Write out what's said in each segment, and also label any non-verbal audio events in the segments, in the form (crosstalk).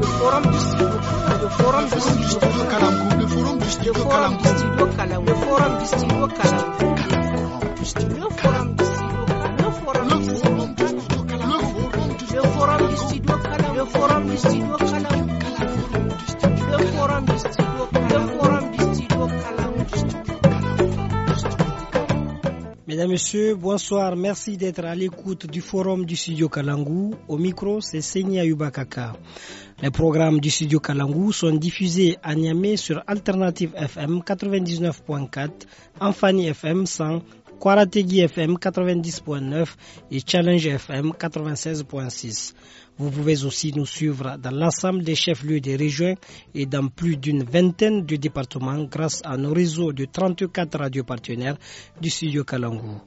le forum Mesdames, Messieurs, bonsoir. Merci d'être à l'écoute du forum du studio Kalangou. Au micro, c'est Senia Yubakaka. Les programmes du studio Kalangou sont diffusés à Niamey sur Alternative FM 99.4, Amphani FM 100, Kwarategi FM 90.9 et Challenge FM 96.6. Vous pouvez aussi nous suivre dans l'ensemble des chefs-lieux des régions et dans plus d'une vingtaine de départements grâce à nos réseaux de 34 radios partenaires du studio Kalangou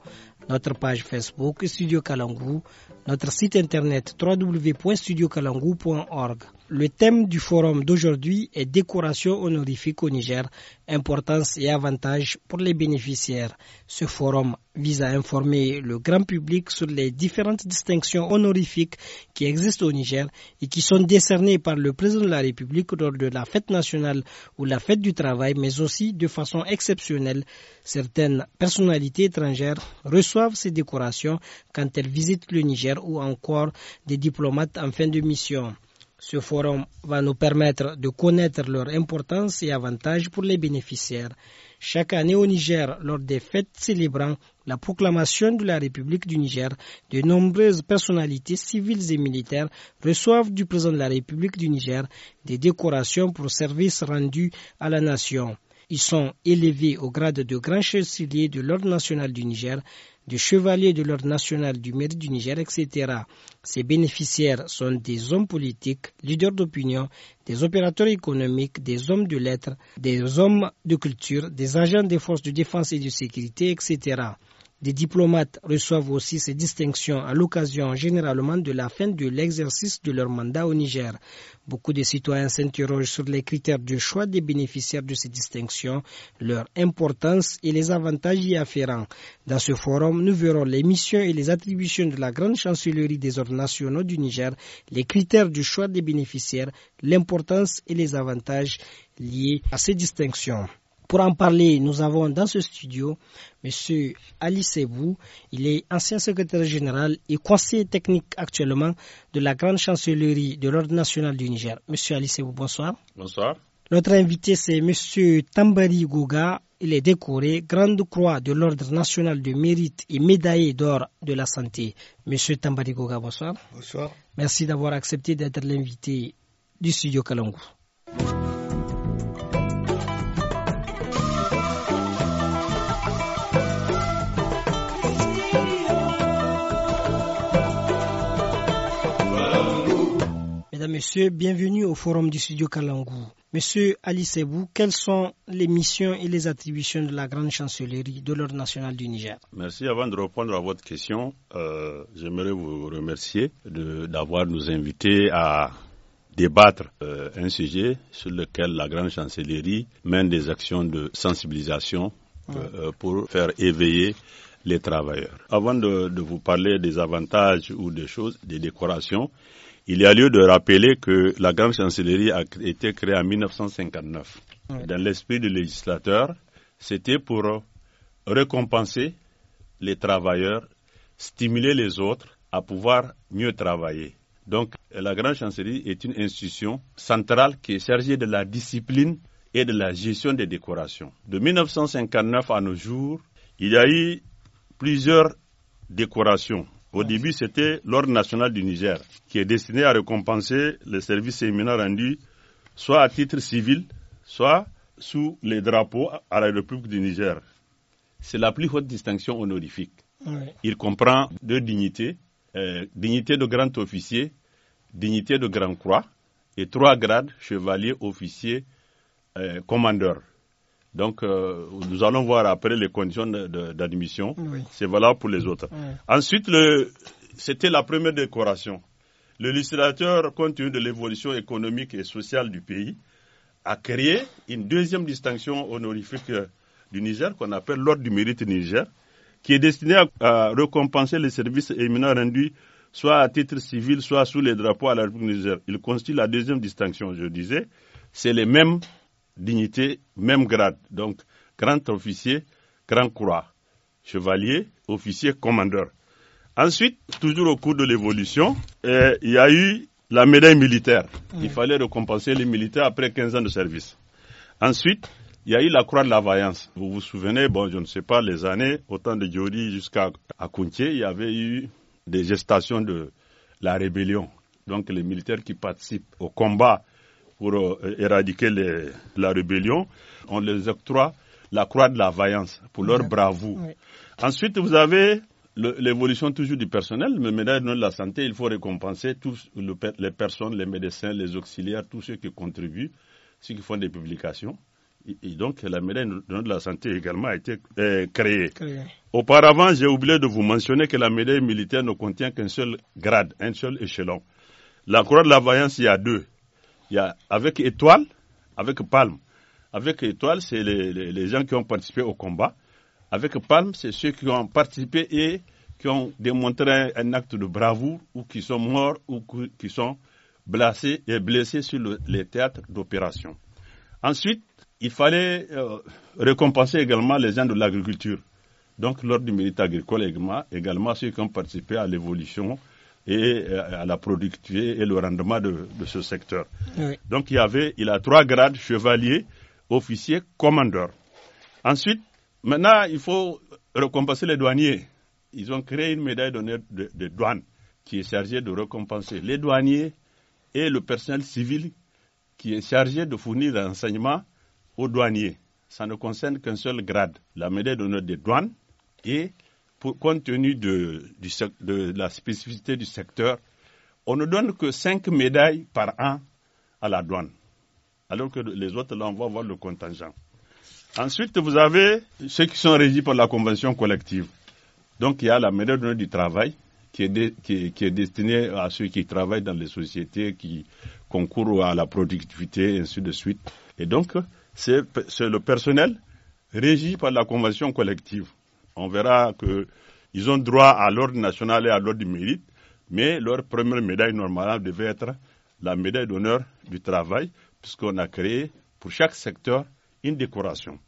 notre page Facebook Studio Kalangu, notre site internet www.studiokalangu.org. Le thème du forum d'aujourd'hui est Décoration honorifique au Niger, importance et avantages pour les bénéficiaires. Ce forum vise à informer le grand public sur les différentes distinctions honorifiques qui existent au Niger et qui sont décernées par le président de la République lors de la fête nationale ou la fête du travail, mais aussi de façon exceptionnelle. Certaines personnalités étrangères reçoivent ces décorations quand elles visitent le Niger ou encore des diplomates en fin de mission. Ce forum va nous permettre de connaître leur importance et avantages pour les bénéficiaires. Chaque année au Niger, lors des fêtes célébrant la proclamation de la République du Niger, de nombreuses personnalités civiles et militaires reçoivent du président de la République du Niger des décorations pour services rendus à la nation. Ils sont élevés au grade de grand chancelier de l'Ordre national du Niger, du chevalier de l'ordre national du maire du Niger, etc. Ces bénéficiaires sont des hommes politiques, leaders d'opinion, des opérateurs économiques, des hommes de lettres, des hommes de culture, des agents des forces de défense et de sécurité, etc. Des diplomates reçoivent aussi ces distinctions à l'occasion généralement de la fin de l'exercice de leur mandat au Niger. Beaucoup de citoyens s'interrogent sur les critères du choix des bénéficiaires de ces distinctions, leur importance et les avantages y afférents. Dans ce forum, nous verrons les missions et les attributions de la grande chancellerie des ordres nationaux du Niger, les critères du choix des bénéficiaires, l'importance et les avantages liés à ces distinctions pour en parler, nous avons dans ce studio M. Ali Sebou. Il est ancien secrétaire général et conseiller technique actuellement de la grande chancellerie de l'Ordre national du Niger. M. Ali Sebou, bonsoir. Bonsoir. Notre invité, c'est M. Tambari Goga. Il est décoré Grande Croix de l'Ordre national de mérite et médaillé d'or de la santé. M. Tambari Goga, bonsoir. Bonsoir. Merci d'avoir accepté d'être l'invité du studio Kalangou. Monsieur, bienvenue au forum du studio Kalangou. Monsieur Ali Sebou, quelles sont les missions et les attributions de la grande chancellerie de l'ordre national du Niger Merci. Avant de répondre à votre question, euh, j'aimerais vous remercier d'avoir nous invité à débattre euh, un sujet sur lequel la grande chancellerie mène des actions de sensibilisation euh, pour faire éveiller les travailleurs. Avant de, vous parler des avantages ou des choses, des décorations, il y a lieu de rappeler que la grande chancellerie a été créée en 1959. Dans l'esprit du législateur, c'était pour récompenser les travailleurs, stimuler les autres à pouvoir mieux travailler. Donc la grande chancellerie est une institution centrale qui est chargée de la discipline et de la gestion des décorations. De 1959 à nos jours, il y a eu plusieurs décorations au début, c'était l'Ordre national du Niger, qui est destiné à récompenser les services séminaires rendus, soit à titre civil, soit sous les drapeaux à la République du Niger. C'est la plus haute distinction honorifique. Il comprend deux dignités, euh, dignité de grand officier, dignité de grand croix, et trois grades, chevalier, officier, euh, commandeur. Donc, euh, nous allons voir après les conditions d'admission. C'est valable pour les autres. Ensuite, c'était la première décoration. Le législateur, compte tenu de l'évolution économique et sociale du pays, a créé une deuxième distinction honorifique du Niger qu'on appelle l'ordre du mérite Niger, qui est destiné à, à récompenser les services éminents rendus soit à titre civil, soit sous les drapeaux à la République Niger. Il constitue la deuxième distinction, je disais. C'est les mêmes dignité, même grade. Donc, grand officier, grand croix, chevalier, officier, commandeur. Ensuite, toujours au cours de l'évolution, euh, il y a eu la médaille militaire. Il fallait récompenser les militaires après 15 ans de service. Ensuite, il y a eu la croix de la vaillance. Vous vous souvenez, bon, je ne sais pas les années, au temps de Diori jusqu'à Kuntier, il y avait eu des gestations de la rébellion. Donc les militaires qui participent au combat pour euh, éradiquer la rébellion, on les octroie la croix de la vaillance pour leur bravoure. Ensuite, vous avez l'évolution toujours du personnel, Le médaille de la santé, il faut récompenser tous les personnes, les médecins, les auxiliaires, tous ceux qui contribuent, ceux qui font des publications. Et, donc, la médaille de la santé également a été euh, créée. Auparavant, j'ai oublié de vous mentionner que la médaille militaire ne contient qu'un seul grade, un seul échelon. La croix de la vaillance, il y a deux. Il y a avec Étoile, avec Palme. Avec Étoile, c'est les, gens qui ont participé au combat. Avec Palme, c'est ceux qui ont participé et qui ont démontré un acte de bravoure ou qui sont morts ou qui sont blessés et blessés sur les théâtres d'opération. Ensuite, il fallait euh, récompenser également les gens de l'agriculture. Donc, lors du militaire agricole également ceux qui ont participé à l'évolution et à la productivité et le rendement de, ce secteur. Donc il y avait, il a trois grades, chevalier, officier, commandeur. Ensuite, maintenant, il faut récompenser les douaniers. Ils ont créé une médaille d'honneur de, douanes douane qui est chargée de récompenser les douaniers et le personnel civil qui est chargé de fournir l'enseignement aux douaniers. Ça ne concerne qu'un seul grade, la médaille d'honneur des douanes et compte tenu de, la spécificité du secteur, on ne donne que 5 médailles par an à la douane, alors que les autres, là, on va voir le contingent. Ensuite, vous avez ceux qui sont régis par la convention collective. Donc, il y a la médaille du travail qui est, destinée à ceux qui travaillent dans les sociétés, qui concourent à la productivité, ainsi de suite. Et donc, c'est le personnel régi par la convention collective on verra qu'ils ont droit à l'ordre national et à l'ordre du mérite, mais leur première médaille normale devait être la médaille d'honneur du travail, puisqu'on a créé pour chaque secteur une décoration.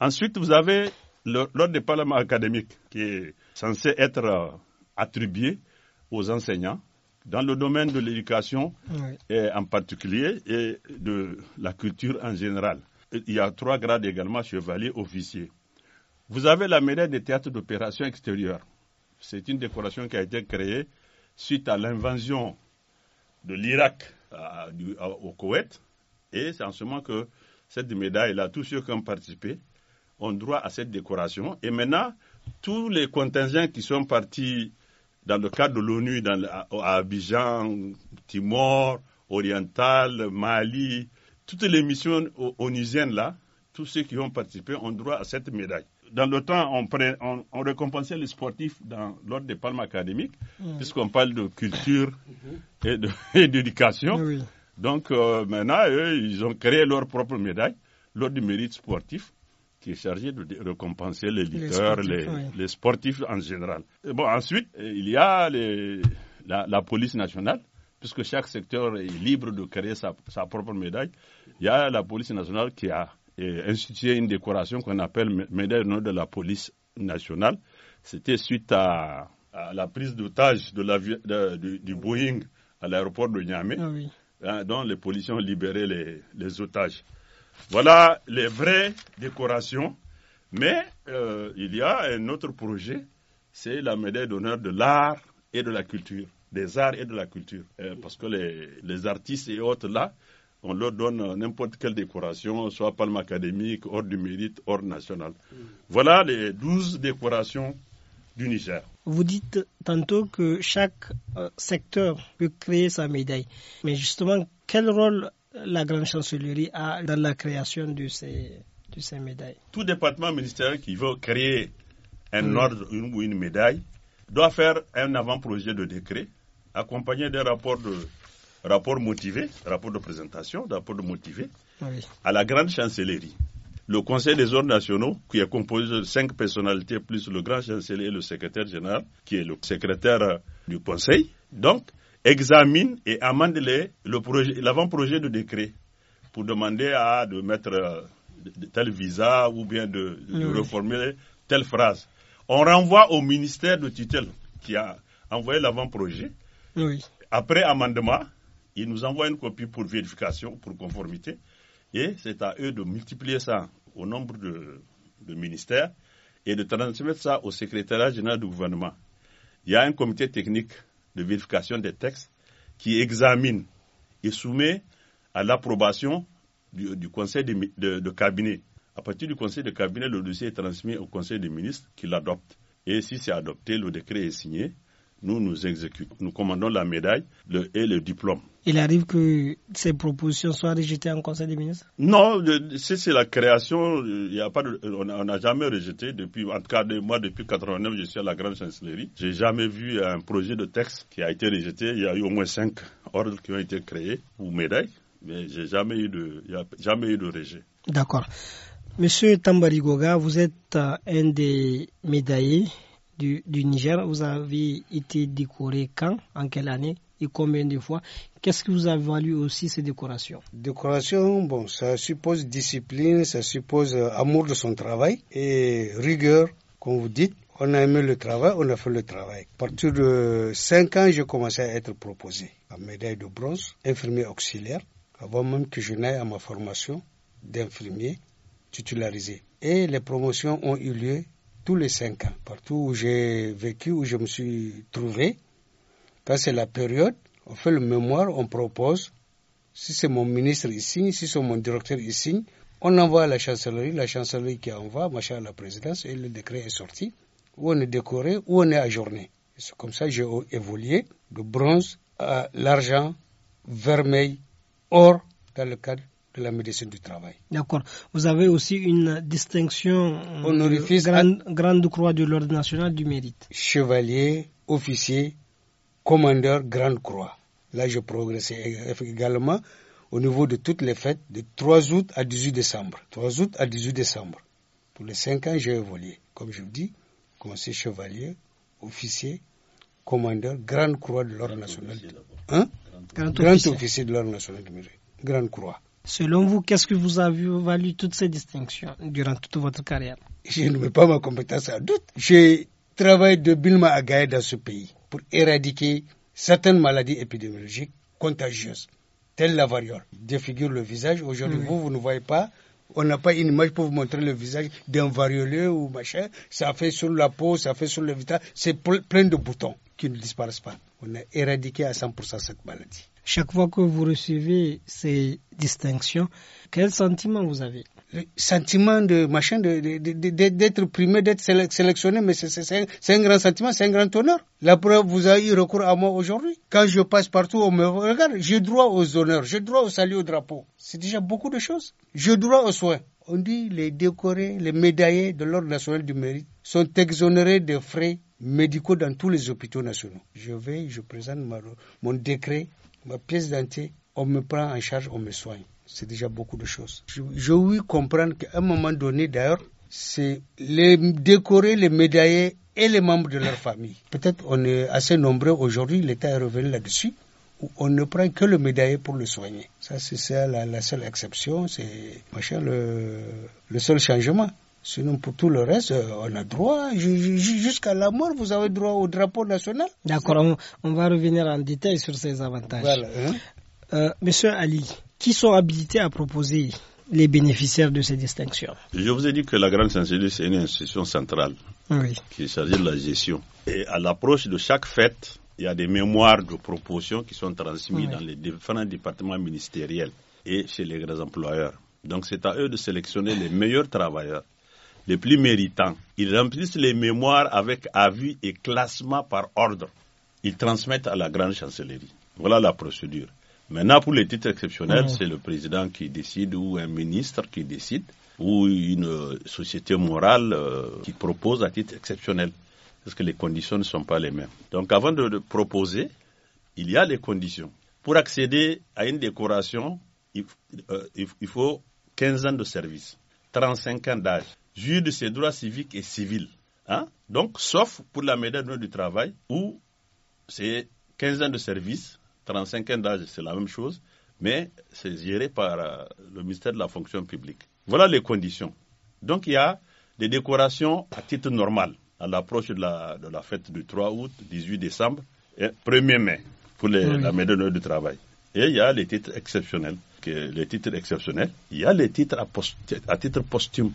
Ensuite, vous avez l'ordre des parlements académiques qui est censé être euh, attribué aux enseignants dans le domaine de l'éducation en particulier et de la culture en général. Il y a trois grades également, chevalier, officier. Vous avez la médaille des théâtres d'opération extérieure. C'est une décoration qui a été créée suite à l'invasion de l'Irak euh, euh, au Koweït. Et c'est en ce moment que cette médaille-là, tous ceux qui ont participé, ont droit à cette décoration. Et maintenant, tous les contingents qui sont partis dans le cadre de l'ONU à Abidjan, Timor, Oriental, Mali, toutes les missions onusiennes là, tous ceux qui ont participé ont droit à cette médaille dans le temps, on, on, récompensait les sportifs dans l'ordre des palmes académiques, mmh. puisqu'on parle de culture mmh. (laughs) et d'éducation. Donc euh, maintenant, ils ont créé leur propre médaille, l'ordre du mérite sportif, qui est chargé de récompenser les leaders, les sportifs, en général. bon, ensuite, euh, il y a les, la, police nationale, puisque chaque secteur est libre de créer sa, sa propre médaille. Il y a la police nationale qui a institué une décoration qu'on appelle médaille d'honneur de la police nationale. C'était suite à, la prise d'otage de du, Boeing à l'aéroport de Niamey, ah hein, dont les policiers ont libéré les, otages. Voilà les vraies décorations. Mais euh, il y a un autre projet, c'est la médaille d'honneur de l'art et de la culture, des arts et de la culture. Euh, parce que les, les, artistes et autres là on leur donne euh, n'importe quelle décoration, soit palme académique, ordre du mérite, ordre national. Mm. Voilà les 12 décorations du Niger. Vous dites tantôt que chaque euh, secteur peut créer sa médaille. Mais justement, quel rôle la grande chancellerie a dans la création de ces, médailles Tout département ministériel qui veut créer un mm. ordre ou une médaille doit faire un avant-projet de décret accompagné d'un rapport de rapport motivé, rapport de présentation, rapport de motivé, à la grande chancellerie. Le Conseil des ordres nationaux, qui est composé de cinq personnalités, plus le grand chancelier et le secrétaire général, qui est le secrétaire du Conseil, donc, examine et amende l'avant-projet de décret pour demander à de mettre tel visa ou bien de, reformuler telle phrase. On renvoie au ministère de tutelle qui a envoyé l'avant-projet. Après amendement, ils nous envoient une copie pour vérification, pour conformité. Et c'est à eux de multiplier ça au nombre de, ministères et de transmettre ça au secrétariat général du gouvernement. Il y a un comité technique de vérification des textes qui examine et soumet à l'approbation du, conseil de, de, cabinet. À partir du conseil de cabinet, le dossier est transmis au conseil des ministres qui l'adopte. Et si c'est adopté, le décret est signé nous, nous exécutons, nous commandons la médaille et le diplôme. Il arrive que ces propositions soient rejetées en Conseil des ministres Non, c'est la création, il euh, a pas euh, on n'a jamais rejeté. Depuis, en tout cas, moi, depuis 89, je suis à la Grande Chancellerie. J'ai jamais vu un projet de texte qui a été rejeté. Il y a eu au moins cinq ordres qui ont été créés ou médailles, mais j'ai jamais eu de, il a jamais eu de rejet. D'accord. Monsieur Tambari Goga, vous êtes euh, un des médaillés du, Niger. Vous avez été décoré quand En quelle année et combien de fois Qu'est-ce que vous avez valu aussi ces décorations Décoration, bon, ça suppose discipline, ça suppose euh, amour de son travail et rigueur, comme vous dites. On a aimé le travail, on a fait le travail. À partir de 5 ans, j'ai commencé à être proposé à médaille de bronze, infirmier auxiliaire, avant même que je n'aille à ma formation d'infirmier titularisé. Et les promotions ont eu lieu tous les cinq ans, partout où j'ai vécu, où je me suis trouvé. Quand c'est la période, on fait le mémoire, on propose. Si c'est mon ministre ici, si c'est mon directeur ici, on envoie à la chancellerie, la chancellerie qui envoie, machin à la présidence, et le décret est sorti. Où on est décoré, où on est ajourné. C'est comme ça que j'ai évolué de bronze à l'argent, vermeil, or, dans le cadre de la médecine du travail. D'accord. Vous avez aussi une distinction honorifique euh, grande, croix de l'ordre national du mérite. Chevalier, officier, commandeur, grande croix. Là, je progressais également au niveau de toutes les fêtes de 3 août à 18 décembre. 3 août à 18 décembre. Pour les 5 ans, j'ai évolué. Comme je vous dis, commencé chevalier, officier, commandeur, grande croix de l'ordre national. du hein? grand, officier de l'ordre national du mérite. Grande croix. Selon vous, qu'est-ce que vous avez valu toutes ces distinctions durant toute votre carrière Je ne mets pas ma compétence à doute. J'ai travaillé de Bilma à Gaïa dans ce pays pour éradiquer certaines maladies épidémiologiques contagieuses, telles la variole. Défigure le visage. Aujourd'hui, vous, vous ne voyez pas. On n'a pas une image pour vous montrer le visage d'un varioleux ou machin. Ça fait sur la peau, ça fait sur le visage. C'est plein de boutons qui ne disparaissent pas. On a éradiqué à 100% cette maladie. Chaque fois que vous recevez ces distinctions, quel sentiment vous avez le sentiment de machin, d'être primé, d'être sélectionné, mais c'est un, grand sentiment, c'est un grand honneur. La preuve, vous avez eu recours à moi aujourd'hui. Quand je passe partout, on me regarde, j'ai droit aux honneurs, j'ai droit au salut au drapeau. C'est déjà beaucoup de choses. J'ai droit aux soins. On dit les décorés, les médaillés de l'Ordre national du mérite sont exonérés des frais médicaux dans tous les hôpitaux nationaux. Je vais, je présente mon décret ma pièce dentée, on me prend en charge, on me soigne. C'est déjà beaucoup de choses. Je veux comprendre qu'à un moment donné, d'ailleurs, c'est les décorer, les médaillés et les membres de leur famille. Peut-être on est assez nombreux aujourd'hui, l'État est revenu là-dessus, où on ne prend que le médaillé pour le soigner. Ça, c'est la, seule exception, c'est le, le seul changement. Sinon, pour tout le reste, euh, on a droit, jusqu'à la mort, vous avez droit au drapeau national. D'accord, on, va revenir en détail sur ces avantages. Voilà, hein. euh, Monsieur Ali, qui sont habilités à proposer les bénéficiaires de ces distinctions Je vous ai dit que la Grande Sensibilité, c'est une institution centrale qui s'agit de la gestion. Et à l'approche de chaque fête, il y a des mémoires de propositions qui sont transmises dans les différents départements ministériels et chez les grands employeurs. Donc c'est à eux de sélectionner les meilleurs travailleurs les plus méritants. Ils remplissent les mémoires avec avis et classement par ordre. Ils transmettent à la grande chancellerie. Voilà la procédure. Maintenant, pour les titres exceptionnels, mmh. c'est le président qui décide ou un ministre qui décide ou une société morale euh, qui propose à titre exceptionnel. Parce que les conditions ne sont pas les mêmes. Donc avant de, proposer, il y a les conditions. Pour accéder à une décoration, il euh, faut 15 ans de service, 35 ans d'âge, jouir de ses droits civiques et civils. Hein? Donc, sauf pour la médaille du travail, où c'est 15 ans de service, 35 ans d'âge, c'est la même chose, mais c'est géré par euh, le ministère de la fonction publique. Voilà les conditions. Donc, il y a des décorations à titre normal à l'approche de la, fête du 3 août, 18 décembre et 1er mai pour les, médaille la médaille du travail. Et il y a les titres exceptionnels. les titres exceptionnels, il y a les titres à titre posthume.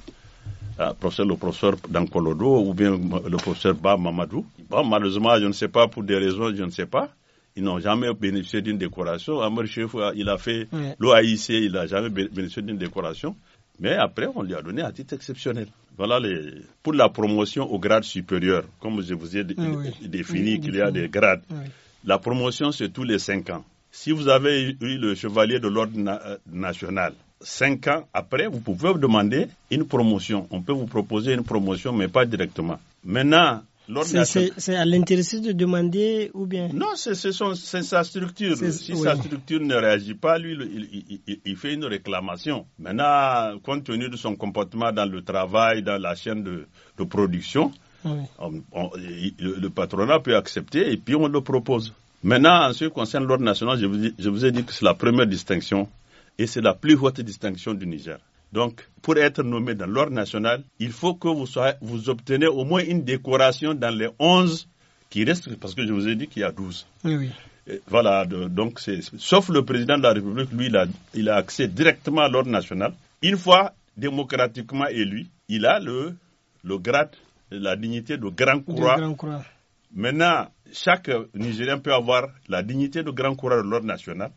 Euh, le professeur Dankolodo ou bien le professeur Ba Mamadou. Bon, malheureusement, je ne sais pas, pour des raisons, je ne sais pas. Ils n'ont jamais bénéficié d'une décoration. Amr Chef, euh, il a fait l'OAIC, il n'a jamais bénéficié d'une décoration. Mais après, on lui a donné un titre exceptionnel. Voilà pour la promotion au grade supérieur, comme je vous ai défini qu'il y a des grades. La promotion, c'est tous les cinq ans. Si vous avez eu le chevalier de l'ordre euh, national, cinq ans après, vous pouvez demander une promotion. On peut vous proposer une promotion, mais pas directement. Maintenant, c'est à l'intéressé de demander ou bien Non, c'est sa structure. Si sa structure ne réagit pas, lui, il, fait une réclamation. Maintenant, compte tenu de son comportement dans le travail, dans la chaîne de, production, le patronat peut accepter et puis on le propose. Maintenant, en ce qui concerne l'ordre national, je vous ai dit que c'est la première distinction et c'est la plus haute distinction du Niger. Donc, pour être nommé dans l'ordre national, il faut que vous, soyez, vous obtenez au moins une décoration dans les 11 qui restent, parce que je vous ai dit qu'il y a 12. Oui, voilà, donc c'est, sauf le président de la République, lui, il a, il a accès directement à l'ordre national. Une fois démocratiquement élu, il a le, le grade, la dignité de grand croix. Maintenant, chaque Nigérien peut avoir la dignité de grand coureur de l'ordre national,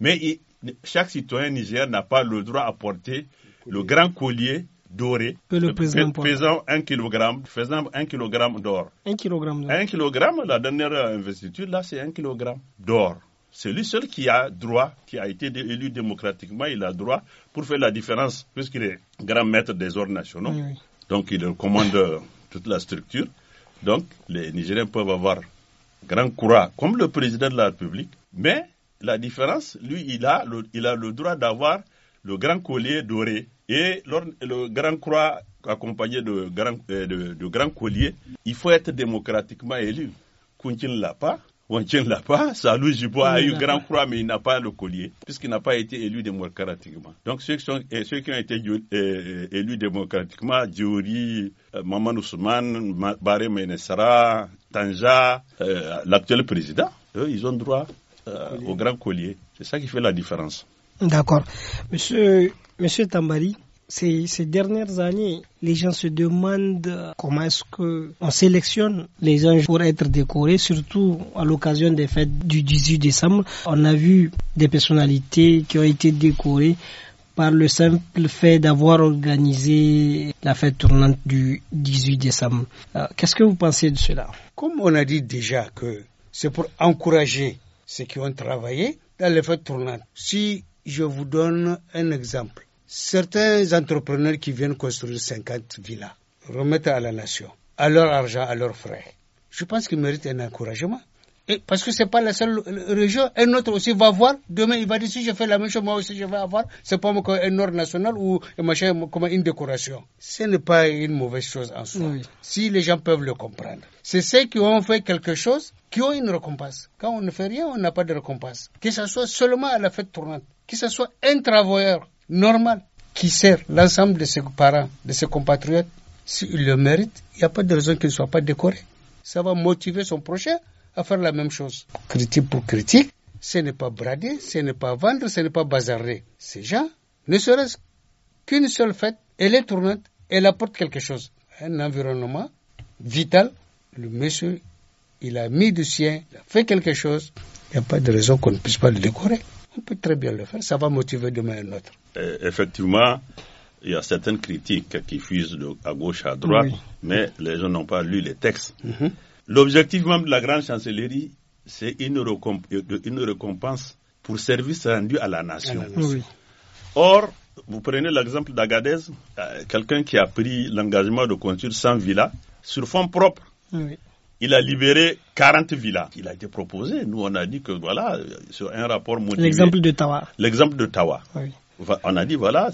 mais il, chaque citoyen nigérien n'a pas le droit à porter le grand collier doré que le président pesant un kilogramme faisant Un kg d'or. Un kg. Un kg, la dernière investiture, là, c'est un kg d'or. C'est lui seul qui a droit, qui a été élu démocratiquement, il a droit pour faire la différence, puisqu'il est grand maître des ordres nationaux. Donc, il commande euh, toute la structure. Donc, les Nigériens peuvent avoir grand courage, comme le président de la République, mais la différence, lui, il a le, il a le droit d'avoir le grand collier doré et le grand croix accompagné de grand, euh, de, grand collier. Il faut être démocratiquement élu. Kuntin ne l'a pas. Wantin ne l'a pas. Salou a eu grand croix, mais il n'a pas le collier, puisqu'il n'a pas été élu démocratiquement. Donc ceux qui, euh, ont été euh, élus démocratiquement, Diori, Maman Ousmane, Baré Menesara, Tanja, l'actuel président, eux, ils ont droit euh, au grand collier. C'est ça qui fait la différence. D'accord. Monsieur, monsieur Tambari, ces, dernières années, les gens se demandent comment est-ce qu'on sélectionne les anges pour être décorés, surtout à l'occasion des fêtes du 18 décembre. On a vu des personnalités qui ont été décorées par le simple fait d'avoir organisé la fête tournante du 18 décembre. Euh, qu'est-ce que vous pensez de cela Comme on a dit déjà que c'est pour encourager ceux qui ont travaillé dans les fêtes tournantes. Si je vous donne un exemple, certains entrepreneurs qui viennent construire 50 villas remettent à la nation, à leur argent, à leurs frais. Je pense qu'ils méritent un encouragement parce que c'est pas la seule région, un autre aussi va voir, demain il va dire si je fais la même chose, moi aussi je vais avoir, c'est pas un ordre national ou machin, comme une décoration. Ce n'est pas une mauvaise chose en soi, si les gens peuvent le comprendre. C'est ceux qui ont fait quelque chose qui ont une récompense. Quand on ne fait rien, on n'a pas de récompense. Que ce soit seulement à la fête tournante, que ce soit un travailleur normal qui sert l'ensemble de ses parents, de ses compatriotes, s'il le mérite, il n'y a pas de raison qu'il ne soit pas décoré. Ça va motiver son prochain à faire la même chose. Critique pour critique, ce n'est pas brader, ce n'est pas vendre, ce n'est pas bazarer. Ces gens, ne serait-ce qu'une seule fête, elle est tournante, elle apporte quelque chose. Un environnement vital, le monsieur, il a mis du sien, il a fait quelque chose, il n'y a pas de raison qu'on ne puisse pas le décorer. On peut très bien le faire, ça va motiver demain un autre. Effectivement, il y a certaines critiques qui fusent à gauche, à droite, mais les gens n'ont pas lu les textes. Mhm. L'objectif même de la grande chancellerie, c'est une, euh, récompense pour service rendu à la nation. Or, vous prenez l'exemple d'Agadez, euh, quelqu'un qui a pris l'engagement de construire 100 villas sur fonds propres. Il a libéré 40 villas. Il a été proposé. Nous, on a dit que voilà, sur un rapport motivé. L'exemple de Tawa. L'exemple de Tawa. On a dit voilà,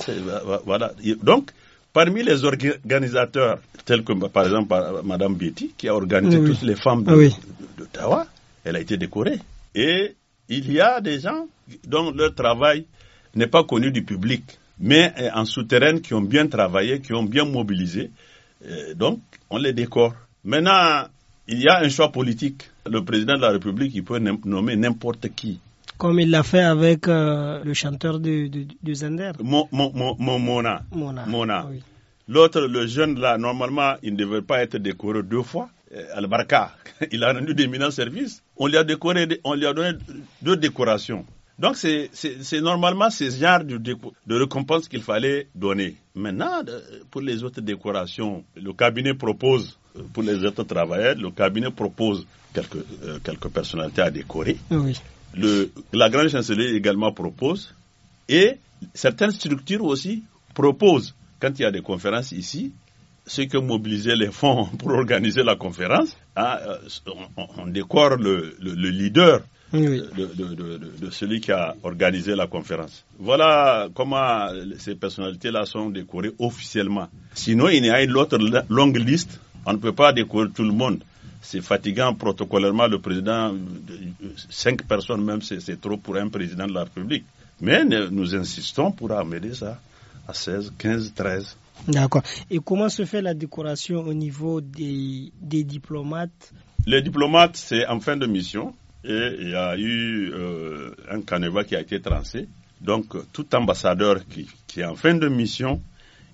voilà. Donc, Parmi les organisateurs, tels que par exemple Mme Betty, qui a organisé toutes les femmes d'Ottawa, elle a été décorée. Et il y a des gens dont leur travail n'est pas connu du public, mais eh, en souterraine qui ont bien travaillé, qui ont bien mobilisé. Eh, donc, on les décore. Maintenant, il y a un choix politique. Le président de la République, il peut nommer n'importe qui. Comme il l'a fait avec euh, le chanteur du, Zender. Mona. Mona. L'autre, le jeune là, normalement, il ne devait pas être décoré deux fois. Euh, Al-Barka, (laughs) il a rendu d'éminents services. On lui a décoré, on lui a donné deux décorations. Donc, c'est normalement ce genre de, de récompense qu'il fallait donner. Maintenant, pour les autres décorations, le cabinet propose, euh, pour les autres travailleurs, le cabinet propose quelques, quelques personnalités à décorer. Oui le, la grande chancelier également propose et certaines structures aussi proposent, quand il y a des conférences ici, ce que mobiliser les fonds (laughs) pour organiser la conférence, hein, euh, on, décore le, le, leader de, de, de, de, celui qui a organisé la conférence. Voilà comment ces personnalités-là sont décorées officiellement. Sinon, il y a une autre longue liste. On ne peut pas décorer tout le monde c'est fatigant protocolairement le président. Cinq personnes même, c'est trop pour un président de la République. Mais nous insistons pour amener ça à 16, 15, 13. D'accord. Et comment se fait la décoration au niveau des, diplomates Les diplomates, c'est en fin de mission. Et il y a eu euh, un canevas qui a été trancé. Donc, tout ambassadeur qui, qui est en fin de mission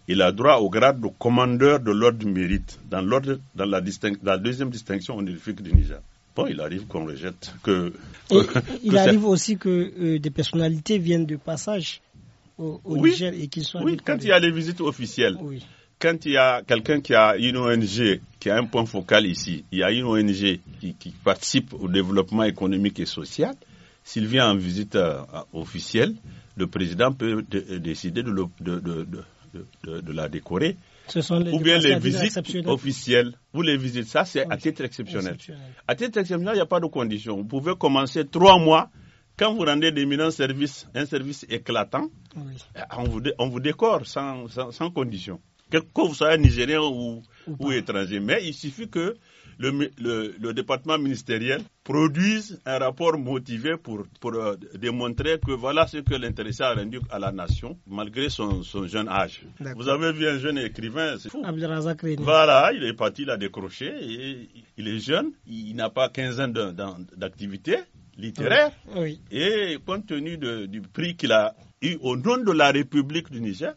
il a droit au grade de commandeur de l'ordre du mérite. Dans, l'ordre, dans la, la, deuxième distinction honorifique du Niger. Bon, il arrive qu'on rejette que. il arrive aussi que euh, des personnalités viennent de passage au, Niger et qu'ils soient. Oui, quand il y a les visites officielles. Oui. Quand il y a quelqu'un qui a une ONG, qui a un point focal ici, il y a une ONG qui, participe au développement économique et social, s'il vient en visite euh, officielle, le président peut décider de, de, de de, la décorer. ou bien les visites officielles. Vous les visites, ça c'est à titre exceptionnel. À titre exceptionnel, il n'y a pas de conditions Vous pouvez commencer trois mois. Quand vous rendez d'éminents services, un service éclatant, on, vous, on vous décore sans, sans, sans condition que vous soyez nigérien ou, étranger. Mais il suffit que le, département ministériel produise un rapport motivé pour, euh, démontrer que voilà ce que l'intéressé a rendu à la nation, malgré son, jeune âge. Vous avez vu un jeune écrivain, c'est fou. Voilà, il est parti, il a décroché, et, il est jeune, il n'a pas 15 ans d'activité littéraire, et compte tenu du prix qu'il a eu au nom de la République du Niger,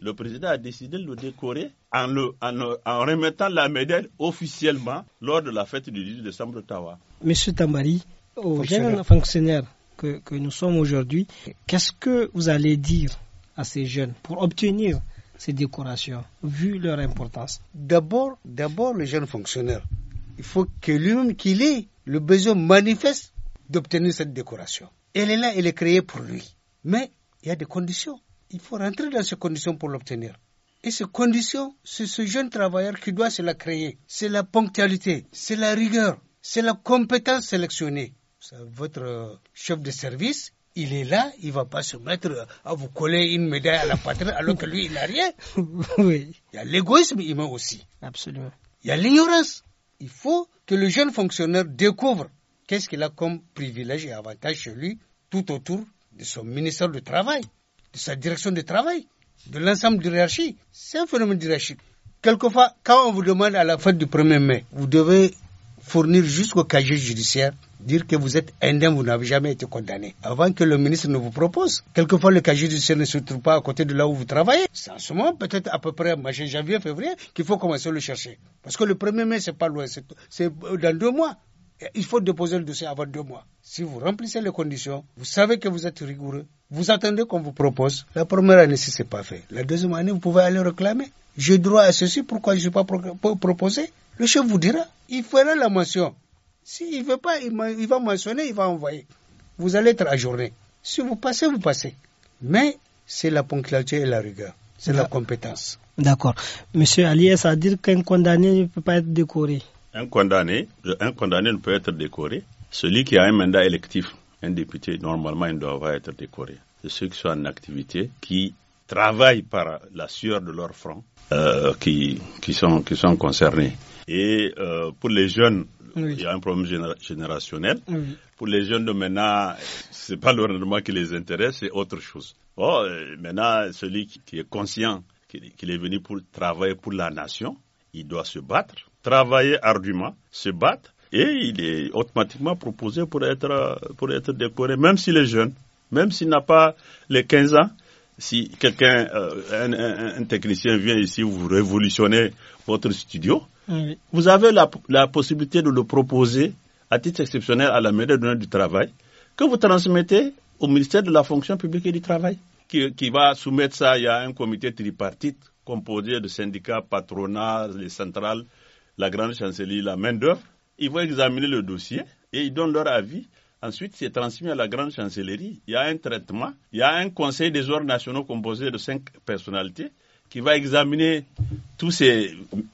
le président a décidé de le décorer en, remettant la médaille officiellement lors de la fête du 18 décembre Tawa. Monsieur Tamari, aux jeunes fonctionnaires que, nous sommes aujourd'hui, qu'est-ce que vous allez dire à ces jeunes pour obtenir ces décorations, vu leur importance D'abord, d'abord le jeune fonctionnaire. Il faut que lui-même qu'il ait le besoin manifeste d'obtenir cette décoration. Elle est là, elle est créée pour lui. Mais il y a des conditions. Il faut rentrer dans ces conditions pour l'obtenir. Et ces conditions, c'est ce jeune travailleur qui doit se la créer. C'est la ponctualité, c'est la rigueur, c'est la compétence sélectionnée. Votre euh, chef de service, il est là, il va pas se mettre à vous coller une médaille à la patrie alors que lui, il n'a rien. (laughs) Oui. Il y a l'égoïsme il humain aussi. Absolument. Il y a l'ignorance. Il faut que le jeune fonctionnaire découvre qu'est-ce qu'il a comme privilège et avantage chez lui tout autour de son ministère du Travail de sa direction de travail, de l'ensemble de l'hierarchie. C'est un phénomène d'hierarchie. Quelquefois, quand on vous demande à la fin du 1er mai, vous devez fournir jusqu'au casier judiciaire, dire que vous êtes indemne, vous n'avez jamais été condamné, avant que le ministre ne vous propose. Quelquefois, le casier judiciaire ne se trouve pas à côté de là où vous travaillez. C'est en ce moment, peut-être à peu près à janvier, février, qu'il faut commencer à le chercher. Parce que le 1er mai, c'est pas loin, c'est dans deux mois. Il faut déposer le dossier avant deux mois. Si vous remplissez les conditions, vous savez que vous êtes rigoureux, vous attendez qu'on vous propose. La première année, si ce n'est pas fait. La deuxième année, vous pouvez aller réclamer. J'ai droit à ceci, pourquoi je ne pas proposer? proposé Le chef vous dira. Il fera la mention. S'il si ne veut pas, il, va mentionner, il va envoyer. Vous allez être ajourné. Si vous passez, vous passez. Mais c'est la ponctualité et la rigueur. C'est la compétence. D'accord. Monsieur Ali, ça veut dire qu'un condamné ne peut pas être décoré un condamné, un condamné ne peut être décoré. Celui qui a un mandat électif un député, normalement, il doit être décoré. C'est ceux qui sont en activité, qui travaillent par la sueur de leur front, euh, qui, qui, sont, qui sont concernés. Et euh, pour les jeunes, il y a un problème générationnel. Ah pour les jeunes de maintenant, ce n'est pas rendement qui les intéresse, c'est autre chose. Oh, maintenant, celui qui est conscient qu'il est venu pour travailler pour la nation, il doit se battre, travailler arduement, se battre, et il est automatiquement proposé pour être, pour être décoré, même s'il est jeune, même s'il n'a pas les 15 ans. Si quelqu'un, euh, un, technicien vient ici, vous révolutionnez votre studio, vous avez la, possibilité de le proposer à titre exceptionnel à la mairie du travail, que vous transmettez au ministère de la fonction publique et du travail, qui, qui va soumettre ça il un comité tripartite composé de syndicats, patronats, les centrales, la grande chancellerie, la main-d'œuvre, ils vont examiner le dossier et ils donnent leur avis. Ensuite, c'est transmis à la grande chancellerie. Il y a un traitement. Il y a un conseil des ordres nationaux composé de cinq personnalités qui va examiner tous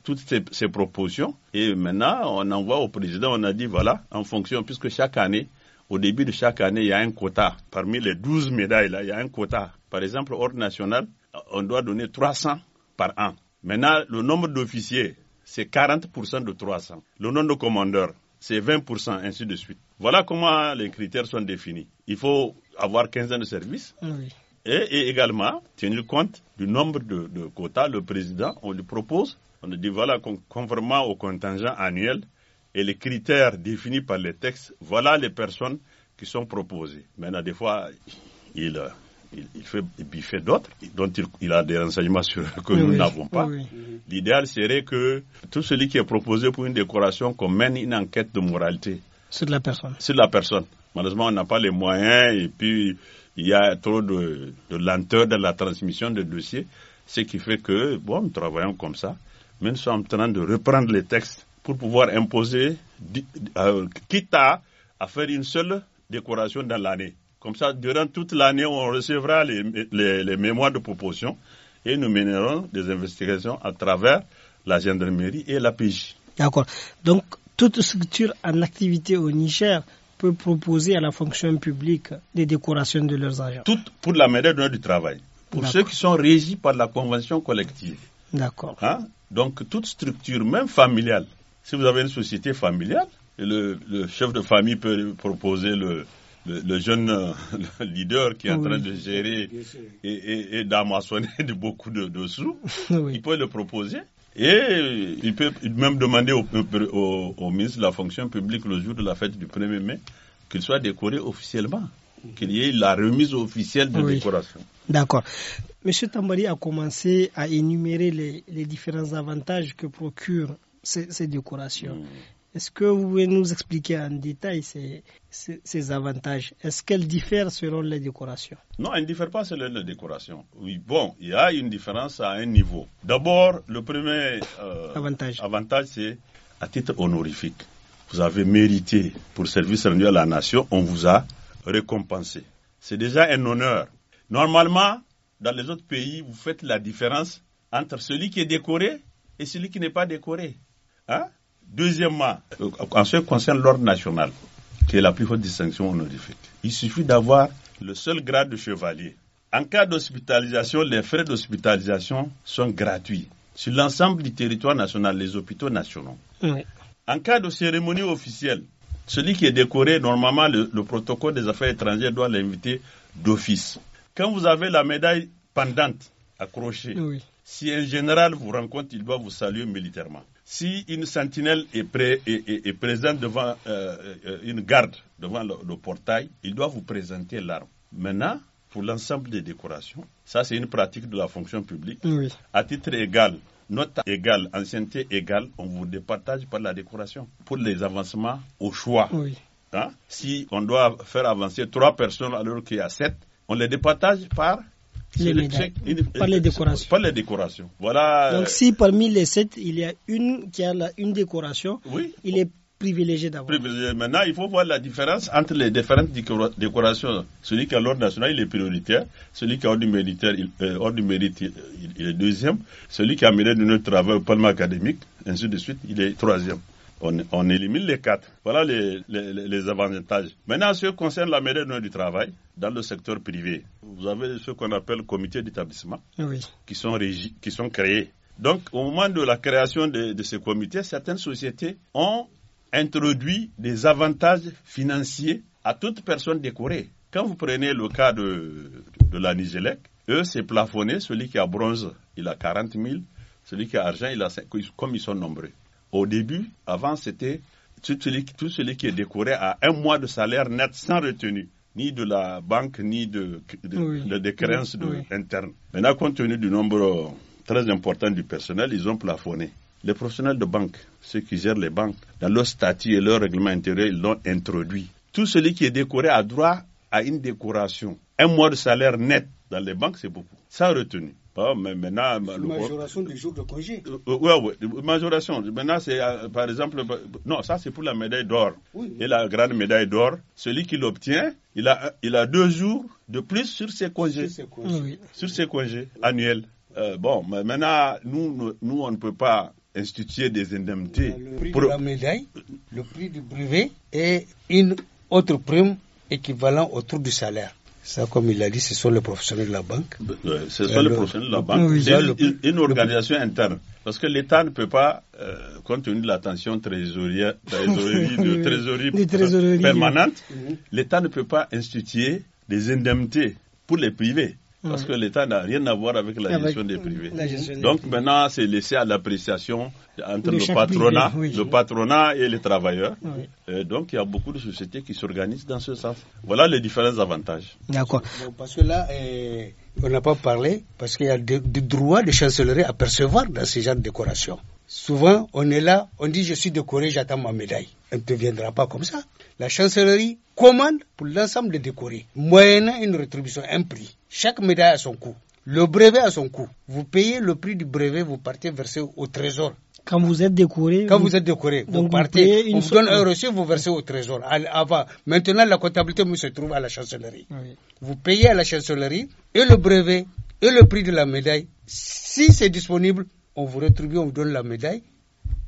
toutes ces, propositions. Et maintenant, on envoie au président, on a dit voilà, en fonction, puisque chaque année, au début de chaque année, il y a un quota. Parmi les 12 médailles, il y a un quota. Par exemple, ordre national, on doit donner 300 par an. Maintenant, le nombre d'officiers c'est 40% de 300. Le nom de commandeur, c'est 20%, ainsi de suite. Voilà comment les critères sont définis. Il faut avoir 15 ans de service. Ah et, également tenir compte du nombre de, de, quotas. Le président, on lui propose, on lui dit voilà, conformément au contingent annuel et les critères définis par les textes, voilà les personnes qui sont proposées. Maintenant, des fois, il euh, il, fait, et fait d'autres, dont il, a des renseignements sur, que nous n'avons pas. L'idéal serait que tout celui qui est proposé pour une décoration, qu'on mène une enquête de moralité. Sur la personne. Sur la personne. Malheureusement, on n'a pas les moyens et puis il y a trop de, lenteur dans la transmission des dossiers, ce qui fait que, bon, nous travaillons comme ça, mais nous sommes en train de reprendre les textes pour pouvoir imposer, euh, quitte à faire une seule décoration dans l'année. Comme ça, durant toute l'année, on recevra les, mémoires de proposition et nous mènerons des investigations à travers la gendarmerie et la PJ. D'accord. Donc, toute structure en activité au Niger peut proposer à la fonction publique des décorations de leurs agents. Tout, pour la manière du travail. Pour ceux qui sont régis par la convention collective. D'accord. Hein? Donc, toute structure, même familiale, si vous avez une société familiale, le, le chef de famille peut proposer le, le, jeune euh, leader qui est en train de gérer et, d'amassonner de beaucoup de, sous, (laughs) il peut le proposer. Et il peut même demander au, ministre de la fonction publique le jour de la fête du 1er mai qu'il soit décoré officiellement, qu'il y ait la remise officielle de décoration. D'accord. Monsieur Tambari a commencé à énumérer les, différents avantages que procurent ces, décorations. Mmh. Est-ce que vous pouvez nous expliquer en détail ces, ces, avantages Est-ce qu'elles diffèrent selon les décorations Non, elles ne diffèrent pas selon les décorations. Oui, bon, il y a une différence à un niveau. D'abord, le premier euh, avantage, avantage c'est à titre honorifique. Vous avez mérité pour service rendu à la nation, on vous a récompensé. C'est déjà un honneur. Normalement, dans les autres pays, vous faites la différence entre celui qui est décoré et celui qui n'est pas décoré. Hein Deuxièmement, euh, en ce qui concerne l'ordre national, qui est la plus haute distinction honorifique, il suffit d'avoir le seul grade de chevalier. En cas d'hospitalisation, les frais d'hospitalisation sont gratuits sur l'ensemble du territoire national, les hôpitaux nationaux. En cas de cérémonie officielle, celui qui est décoré, normalement, le, protocole des affaires étrangères doit l'inviter d'office. Quand vous avez la médaille pendante, accrochée, si un général vous rencontre, il doit vous saluer militairement si une sentinelle est, présente devant euh, euh, une garde, devant le, portail, il doit vous présenter l'arme. Maintenant, pour l'ensemble des décorations, ça c'est une pratique de la fonction publique. À titre égal, note égale, ancienneté égale, on vous départage par la décoration. Pour les avancements, au choix. Hein? Si on doit faire avancer trois personnes alors qu'il y a sept, on les départage par les par les décorations. Par les décorations. Voilà. Donc si parmi les sept, il y a une qui a une décoration, il est privilégié d'avoir. Maintenant, il faut voir la différence entre les différentes décorations. Celui qui a l'ordre national, il est prioritaire. Celui qui a l'ordre militaire, il, euh, ordre mérite, il, est deuxième. Celui qui a mérité de notre travail au Parlement académique, ainsi de suite, il est troisième on, élimine les quatre. Voilà les, avantages. Maintenant, ce qui concerne la médaille du travail, dans le secteur privé, vous avez ce qu'on appelle comité d'établissement qui, sont créés. Donc, au moment de la création de, ce ces comités, certaines sociétés ont introduit des avantages financiers à toute personne décorée. Quand vous prenez le cas de, la Nigelec, eux, c'est plafonné. Celui qui a bronze, il a 40 000. Celui qui a argent, il a 5, comme ils sont nombreux. Au début, avant, c'était tout celui, qui est décoré à un mois de salaire net sans retenue ni de la banque, ni de, de, de, internes. Maintenant, compte tenu du nombre très important du personnel, ils ont plafonné. Les professionnels de banque, ceux qui gèrent les banques, dans leur statut et leur règlement intérieur, ils l'ont introduit. Tout celui qui est décoré a droit à une décoration. Un mois de salaire net dans les banques, c'est beaucoup. sans retenue maintenant, majoration du jour de congé. oui, euh, oui, majoration. Maintenant, c'est euh, par exemple, non, ça c'est pour la médaille d'or. Et la grande médaille d'or, celui qui l'obtient, il a, il a deux jours de plus sur ses congés. Sur ses congés, annuels. Euh, bon, maintenant, nous, nous, on ne peut pas instituer des indemnités. Le prix pour... de la médaille, le prix du privé, et une autre prime équivalent autour du salaire. Ça, comme il l'a dit, ce sont les professionnels de la banque. ce sont les professionnels de la banque. Ah une, organisation interne. Parce que l'État ne peut pas, euh, compte tenu de la tension (laughs) trésorerie, de, trésorerie permanente, mhm. l'État ne peut pas instituer des indemnités pour les privés parce que l'État n'a rien à voir avec la gestion des privés. Donc maintenant, c'est laissé à l'appréciation entre le patronat, le patronat et les travailleurs. donc il y a beaucoup de sociétés qui s'organisent dans ce sens. Voilà les différents avantages. D'accord. Parce que là, eh, on n'a pas parlé parce qu'il y a des, droits de chancellerie à percevoir dans ces genres de décorations. Souvent, on est là, on dit je suis décoré, j'attends ma médaille. Elle ne deviendra pas comme ça. La chancellerie commande pour l'ensemble des décorés, moyennant une rétribution, un prix. Chaque médaille a son coût. Le brevet a son coût. Vous payez le prix du brevet, vous partez verser au trésor. Quand vous êtes décoré Quand vous, êtes décoré, vous, partez, on vous donne un reçu, vous versez au trésor. Avant. Maintenant, la comptabilité se trouve à la chancellerie. Vous payez à la chancellerie et le brevet et le prix de la médaille. Si c'est disponible, on vous rétribue, on vous donne la médaille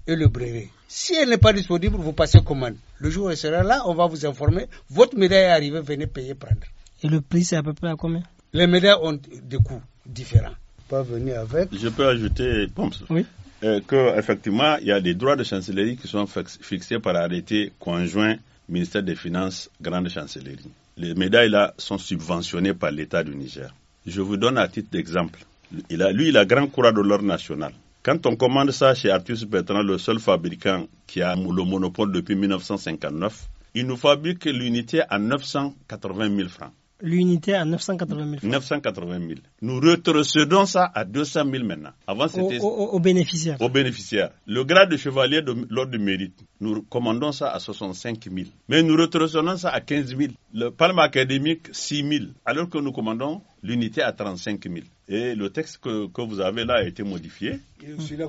et le brevet. Si elle n'est pas disponible, vous passez commande. Le jour où elle sera là, on va vous informer. Votre médaille est arrivée, venez payer, prendre. Et le prix, c'est à peu près à combien les médailles ont des coûts différents. avec. Je peux ajouter, Pomps, euh, qu'effectivement, il y a des droits de chancellerie qui sont fixés par arrêté conjoint ministère des Finances, Grande Chancellerie. Les médailles là sont subventionnées par l'État du Niger. Je vous donne à titre d'exemple. Il a, lui, il a grand courage de l'or national. Quand on commande ça chez Arthur Bertrand, le seul fabricant qui a le monopole depuis 1959, il nous fabrique l'unité à 980 000 francs. L'unité à 980 000 980 000. Nous retrocedons ça à 200 000 maintenant. Avant, c'était. Aux au bénéficiaires. Aux bénéficiaires. Le grade de chevalier de l'ordre du mérite, nous commandons ça à 65 000. Mais nous retrocédons ça à 15 000. Le palme académique, 6 000. Alors que nous commandons l'unité à 35 000. Et le texte que, que, vous avez là a été modifié. Celui-là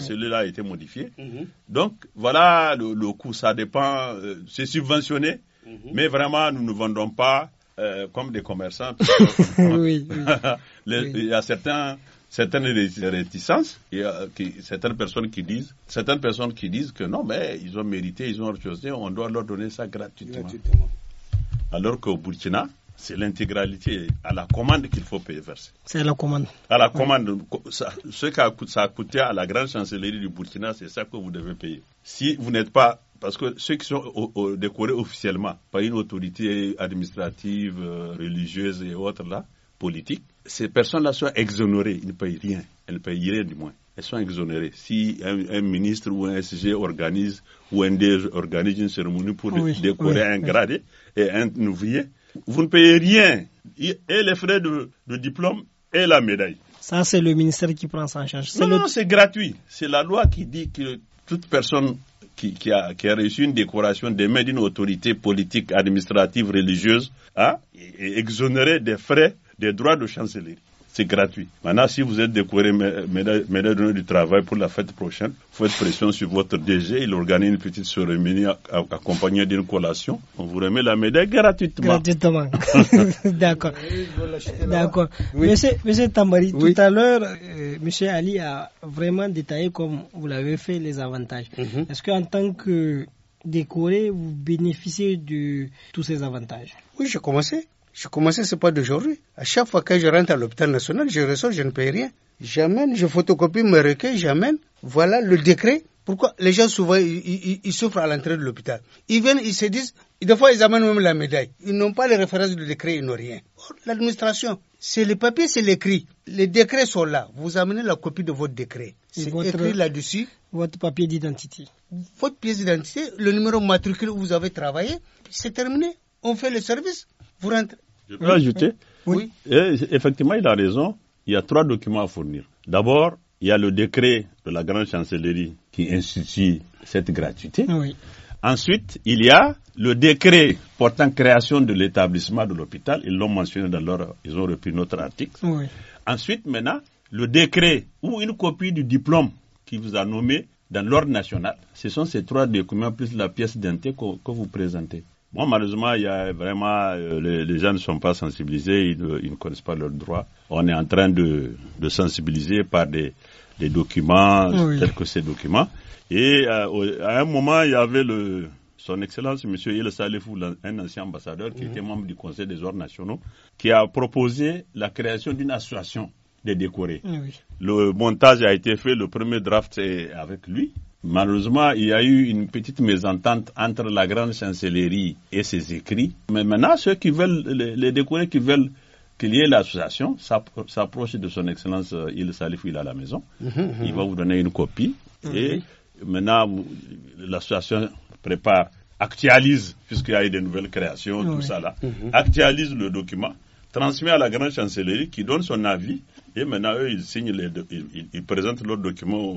celui-là a été modifié. Mhm. Donc, voilà le, coût. Ça dépend. Euh, c'est subventionné. Mhm. Mais vraiment, nous ne vendons pas euh, comme des commerçants. (laughs) (laughs) oui, Il y a certains, certaines réticences, il y a certaines personnes qui disent, certaines personnes qui disent que non, mais ils ont mérité, ils ont refusé, on doit leur donner ça gratuitement. Alors qu'au Burkina, c'est l'intégralité à la commande qu'il faut payer C'est à la commande. À la commande. ce que ça a coûté à la grande chancellerie du Burkina, c'est ça que vous devez payer. Si vous n'êtes pas parce que ceux qui sont décorés officiellement par une autorité administrative, euh, religieuse et autres là, politique, ces personnes-là sont exonérées. Ils ne payent rien. Elles ne payent rien du moins. Elles sont exonérées. Si un, ministre ou un SG organise ou un DG organise une cérémonie pour décorer un gradé et un ouvrier, vous ne payez rien. Et les frais de, de diplôme et la médaille. Ça, c'est le ministère qui prend ça en charge. Non, non, c'est gratuit. C'est la loi qui dit que toute personne qui, a, qui a reçu une décoration des mains d'une autorité politique, administrative, religieuse, hein, et exonéré des frais des droits de chancellerie c'est gratuit. Maintenant, si vous êtes décoré médaille d'honneur du travail pour la fête prochaine, faites pression sur votre DG, il organise une petite cérémonie accompagnée d'une collation. On vous remet la médaille gratuitement. Gratuitement. (laughs) D'accord. D'accord. Oui. Monsieur, monsieur, Tamari, tout à l'heure, euh, monsieur Ali a vraiment détaillé comme vous l'avez fait les avantages. Mhm. Est-ce en tant que décoré, vous bénéficiez de tous ces avantages Oui, j'ai commencé. Je commençais, ce pas d'aujourd'hui. À chaque fois que je rentre à l'hôpital national, je ressors, je ne paye rien. J'amène, je photocopie mes requêtes, j'amène. Voilà le décret. Pourquoi les gens souvent, ils, souffrent à l'entrée de l'hôpital. Ils viennent, ils se disent, des fois ils amènent même la médaille. Ils n'ont pas les références du décret, ils n'ont rien. L'administration, c'est le papier, c'est l'écrit. Les décrets sont là. Vous amenez la copie de votre décret. C'est écrit là-dessus. Votre papier d'identité. Votre pièce d'identité, le numéro matricule où vous avez travaillé, c'est terminé. On fait le service. Vous rentrez. Je peux ajouter Oui. effectivement, il a raison. Il y a trois documents à fournir. D'abord, il y a le décret de la grande chancellerie qui institue cette gratuité. Oui. Ensuite, il y a le décret portant création de l'établissement de l'hôpital. Ils l'ont mentionné dans leur. Ils ont repris notre article. Oui. Ensuite, maintenant, le décret ou une copie du diplôme qui vous a nommé dans l'ordre national. Ce sont ces trois documents plus la pièce d'identité que vous présentez malheureusement, il y a vraiment, euh, les, gens ne sont pas sensibilisés, euh, ils, ne connaissent pas leurs droits. On est en train de, de sensibiliser par des, des documents, tels que ces documents. Et euh, à un moment, il y avait le, son Excellence, Monsieur Il Salifou, un ancien ambassadeur qui était membre du Conseil des ordres nationaux, qui a proposé la création d'une association des décorés. Le montage a été fait, le premier draft est avec lui. Malheureusement, il y a eu une petite mésentente entre la grande chancellerie et ses écrits. Mais maintenant, ceux qui veulent, les, découverts qui veulent qu'il y ait l'association, s'approche de son excellence euh, Il Salif, à la maison. Mhm, mhm. Il va vous donner une copie. Et maintenant, l'association prépare, actualise, puisqu'il y a eu des nouvelles créations, tout ça là, mhm. actualise le document, transmet à la grande chancellerie qui donne son avis maintenant, eux, ils ils, présentent leurs documents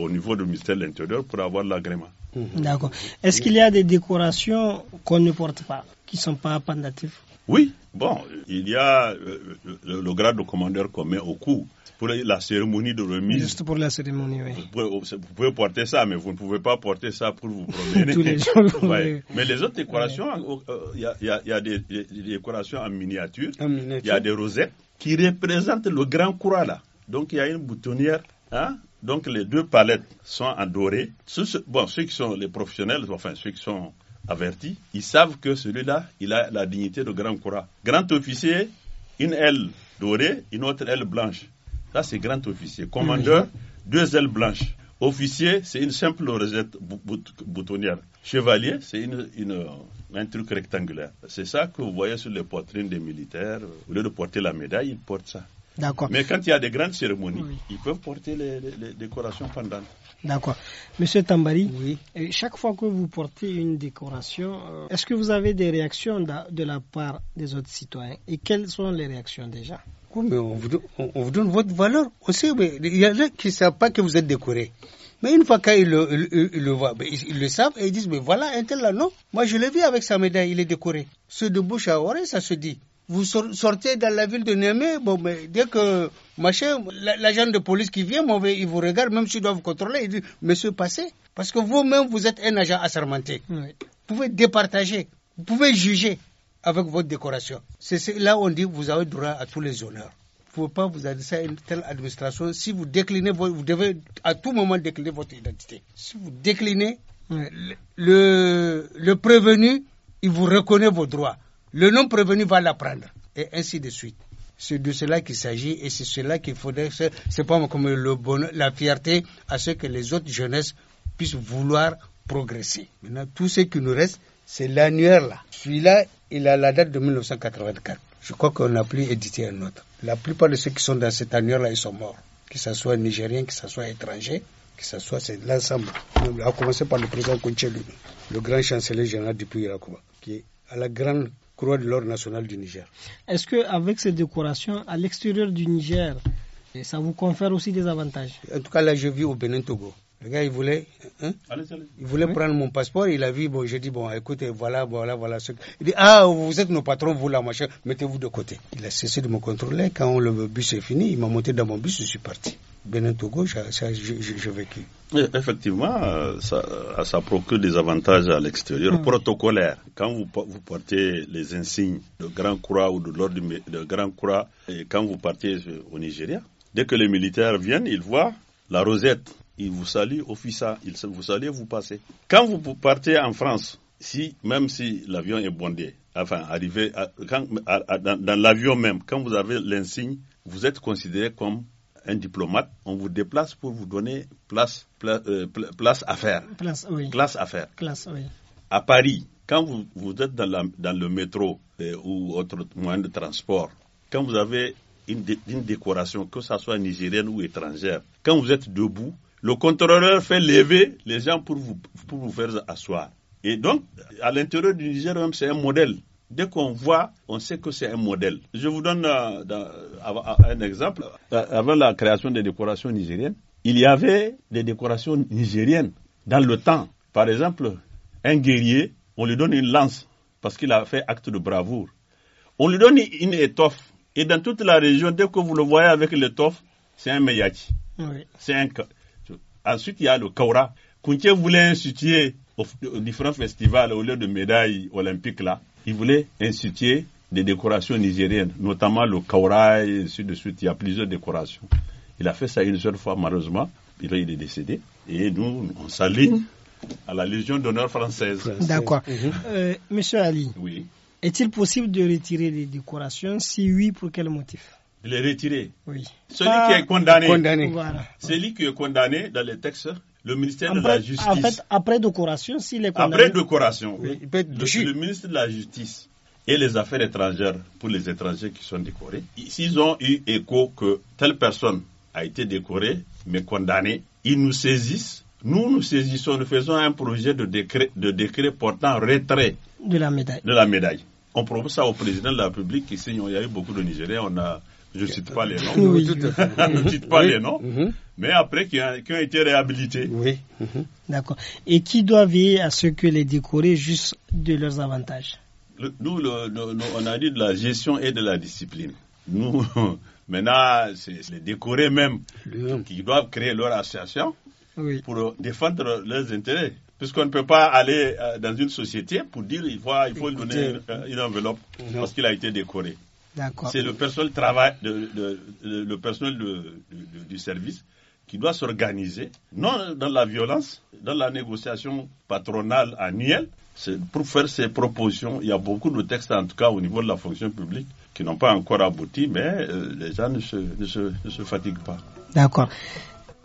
au, niveau du ministère de l'Intérieur pour avoir l'agrément. Mhm. D'accord. Est-ce qu'il y a des décorations qu'on ne porte pas, qui ne sont pas pendatives Oui, bon, il y a euh, le, grade de commandeur qu'on met au cou pour la cérémonie de remise. Juste pour la cérémonie, oui. Vous pouvez, porter ça, mais vous ne pouvez pas porter ça pour vous promener. (laughs) (laughs) Mais les autres décorations, euh, il y, a, des, décorations en miniature. en miniature. Il y a des rosettes qui représente le grand courant, là. Donc il y a une boutonnière. Hein? Donc les deux palettes sont en doré. bon, ceux qui sont les professionnels, enfin ceux qui sont avertis, ils savent que celui-là, il a la dignité de grand courant. Grand officier, une aile dorée, une autre aile blanche. Ça, c'est grand officier. Commandeur, deux ailes blanches. Officier, c'est une simple rosette boutonnière. Chevalier, c'est une, une, un truc rectangulaire. C'est ça que vous voyez sur les poitrines des militaires. Au lieu de porter la médaille, ils portent ça. D'accord. Mais quand il y a des grandes cérémonies, ils peuvent porter les, décorations pendant. D'accord. Monsieur Tambari, euh, chaque fois que vous portez une décoration, euh, est-ce que vous avez des réactions de la part des autres citoyens Et quelles sont les réactions déjà on, vous, donne votre valeur aussi. Mais il y en a qui ne savent pas que vous êtes décoré. Mais une fois qu'ils le, voient, ils le savent et ils disent, mais voilà, un tel là, non. Moi, je l'ai vu avec sa médaille, il est décoré. Ce de bouche à oreille, ça se dit. Vous sortez dans la ville de Némé, bon, mais dès que machin, l'agent de police qui vient, il vous regarde, même s'il doit vous contrôler, il dit, monsieur, passez. Parce que vous-même, vous êtes un agent assermenté. Vous pouvez départager, vous pouvez juger avec votre décoration. C'est là où on dit, vous avez droit à tous les honneurs pouvez pas vous adresser à une telle administration si vous déclinez, vous devez à tout moment décliner votre identité. Si vous déclinez, hmm. le, le prévenu, il vous reconnaît vos droits. Le non prévenu va l'apprendre. Et ainsi de suite. C'est de cela qu'il s'agit et c'est cela qu'il faudrait. C'est pas comme le la fierté à ce que les autres jeunesses puissent vouloir progresser. Maintenant, tout ce qui nous reste, c'est l'annuaire là. Celui-là, il a la date de 1984. Je crois qu'on n'a plus édité un autre. La plupart de ceux qui sont dans cette année là ils sont morts. Que ce soit Nigérien, que ce soit étranger, que ce soit c'est l'ensemble. A commencer par le président le grand chancelier général du pays qui est à la grande croix de l'ordre national du Niger. Est-ce que avec ces décorations à l'extérieur du Niger, ça vous confère aussi des avantages En tout cas, là, je vis au Bénin-Togo. Le gars, il voulait, hein? Il voulait prendre mon passeport. Il a vu, bon, j'ai dit, bon, écoutez, voilà, voilà, voilà. Ce... Il dit, ah, vous êtes nos patrons, vous, la machin, mettez-vous de côté. Il a cessé de me contrôler. Quand le bus est fini, il m'a monté dans mon bus, je suis parti. Benin Togo, j'ai vécu. Effectivement, ça, ça, procure des avantages à l'extérieur hmm. Protocolaire. Quand vous, portez les insignes de Grand Croix ou de l'ordre de Grand Croix, et quand vous partez au Nigeria, dès que les militaires viennent, ils voient la rosette il vous salue, officier. il vous salue, vous passez. Quand vous partez en France, si, même si l'avion est bondé, enfin, arrivé quand, dans, l'avion même, quand vous avez l'insigne, vous êtes considéré comme un diplomate, on vous déplace pour vous donner place, place, euh, place à faire. Place, oui. Classe à faire. oui. À Paris, quand vous, êtes dans, dans, le métro euh, ou autre moyen de transport, quand vous avez une, une décoration, que ce soit nigérienne ou étrangère, quand vous êtes debout, le contrôleur fait lever les gens pour vous, vous faire asseoir. Et donc, à l'intérieur du Niger, c'est un modèle. Dès qu'on voit, on sait que c'est un modèle. Je vous donne euh, un exemple. Euh, avant la création des décorations nigériennes, il y avait des décorations nigériennes dans le temps. Par exemple, un guerrier, on lui donne une lance parce qu'il a fait acte de bravoure. On lui donne une étoffe. Et dans toute la région, dès que vous le voyez avec l'étoffe, c'est un meyachi, C'est un Ensuite, il y a le Kaura. Kounché voulait instituer aux, différents festivals, au lieu de médailles olympiques, là, il voulait instituer des décorations nigériennes, notamment le Kaura, et ainsi de suite. Il y a plusieurs décorations. Il a fait ça une seule fois, malheureusement. Puis Il est décédé. Et nous, on s'allie à la Légion d'honneur française. D'accord. Mhm. Euh, monsieur Ali, oui. est-il possible de retirer les décorations Si oui, pour quel motif de les retirer. Oui. Celui qui est condamné, Voilà. celui qui est condamné dans les textes, le ministère de la Justice. En fait, après décoration, s'il est condamné. Après décoration, oui, le, ministre de la Justice et les affaires étrangères pour les étrangers qui sont décorés, s'ils ont eu écho que telle personne a été décorée, mais condamnée, ils nous saisissent. Nous, nous saisissons, nous faisons un projet de décret, de décret portant retrait de la médaille. De la médaille. On propose ça au président de la République qui signe. Il y a eu beaucoup de Nigériens. On a je ne cite pas les noms, (laughs) je ne cite pas les noms, mhm. mais après qui, ont été réhabilités. Oui. Mhm. Mhm. D'accord. Et qui doit veiller à ce que les décorés juste de leurs avantages Nous, on a dit de la gestion et de la discipline. Nous, (laughs) maintenant, c'est les décorés même qui doivent créer leur association pour euh, défendre leurs intérêts. Puisqu'on ne peut pas aller euh, dans une société pour dire il faut, il faut lui donner une, euh, une enveloppe parce qu'il a été décoré. C'est le personnel, travail, le personnel du service qui doit s'organiser, non dans la violence, dans la négociation patronale annuelle, pour faire ses propositions. Il y a beaucoup de textes, en tout cas au niveau de la fonction publique, qui n'ont pas encore abouti, mais euh, les gens ne se, fatiguent pas. D'accord.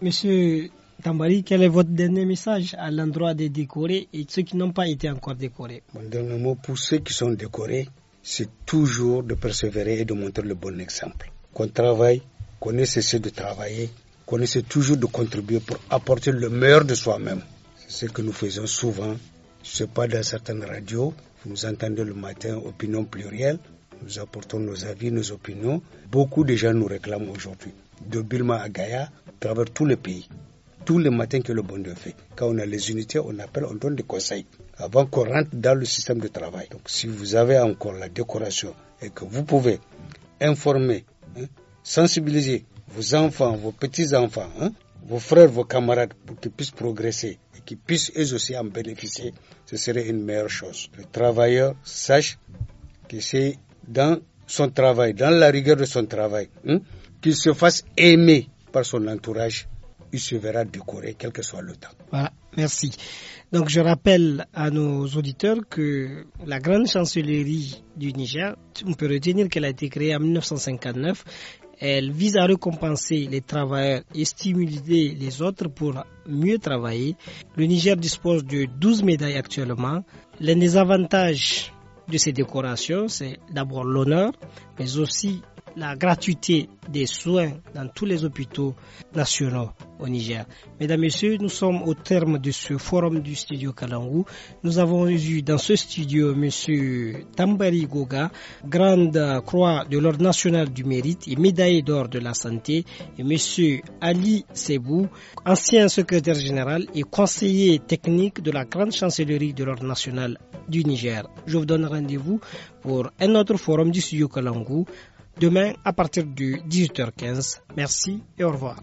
Monsieur Tambari, quel est votre dernier message à l'endroit des décorés et ceux qui n'ont pas été encore décorés Mon dernier mot pour ceux qui sont décorés, c'est toujours de persévérer et de montrer le bon exemple. Qu'on travaille, qu'on ait cessé de travailler, qu'on essaie toujours de contribuer pour apporter le meilleur de soi-même. C'est ce que nous faisons souvent. Je pas, dans certaines radios, vous nous entendez le matin, opinion plurielle, nous apportons nos avis, nos opinions. Beaucoup de gens nous réclament aujourd'hui, de Bilma à Gaïa, à travers tous les pays. Tous les matins que le bon Dieu fait. Quand on a les unités, on appelle, on donne des conseils avant qu'on rentre dans le système de travail. Donc si vous avez encore la décoration et que vous pouvez informer, hein, sensibiliser vos enfants, vos petits-enfants, hein, vos frères, vos camarades pour qu'ils puissent progresser et qu'ils puissent eux aussi en bénéficier, ce serait une meilleure chose. Le travailleur sache que c'est dans son travail, dans la rigueur de son travail, hein, qu'il se fasse aimer par son entourage il se verra décoré, quel que soit le temps. Voilà, merci. Donc je rappelle à nos auditeurs que la grande chancellerie du Niger, on peut retenir qu'elle a été créée en 1959. Elle vise à récompenser les travailleurs et stimuler les autres pour mieux travailler. Le Niger dispose de 12 médailles actuellement. L'un des avantages de ces décorations, c'est d'abord l'honneur, mais aussi la gratuité des soins dans tous les hôpitaux nationaux au Niger. Mesdames, Messieurs, nous sommes au terme de ce forum du studio Kalangou. Nous avons eu dans ce studio M. Tambari Goga, grande croix de l'Ordre national du mérite et médaillé d'or de la santé, et M. Ali Sebou, ancien secrétaire général et conseiller technique de la grande chancellerie de l'Ordre national du Niger. Je vous donne rendez-vous pour un autre forum du studio Kalangou demain à partir de 18h15. Merci et au revoir.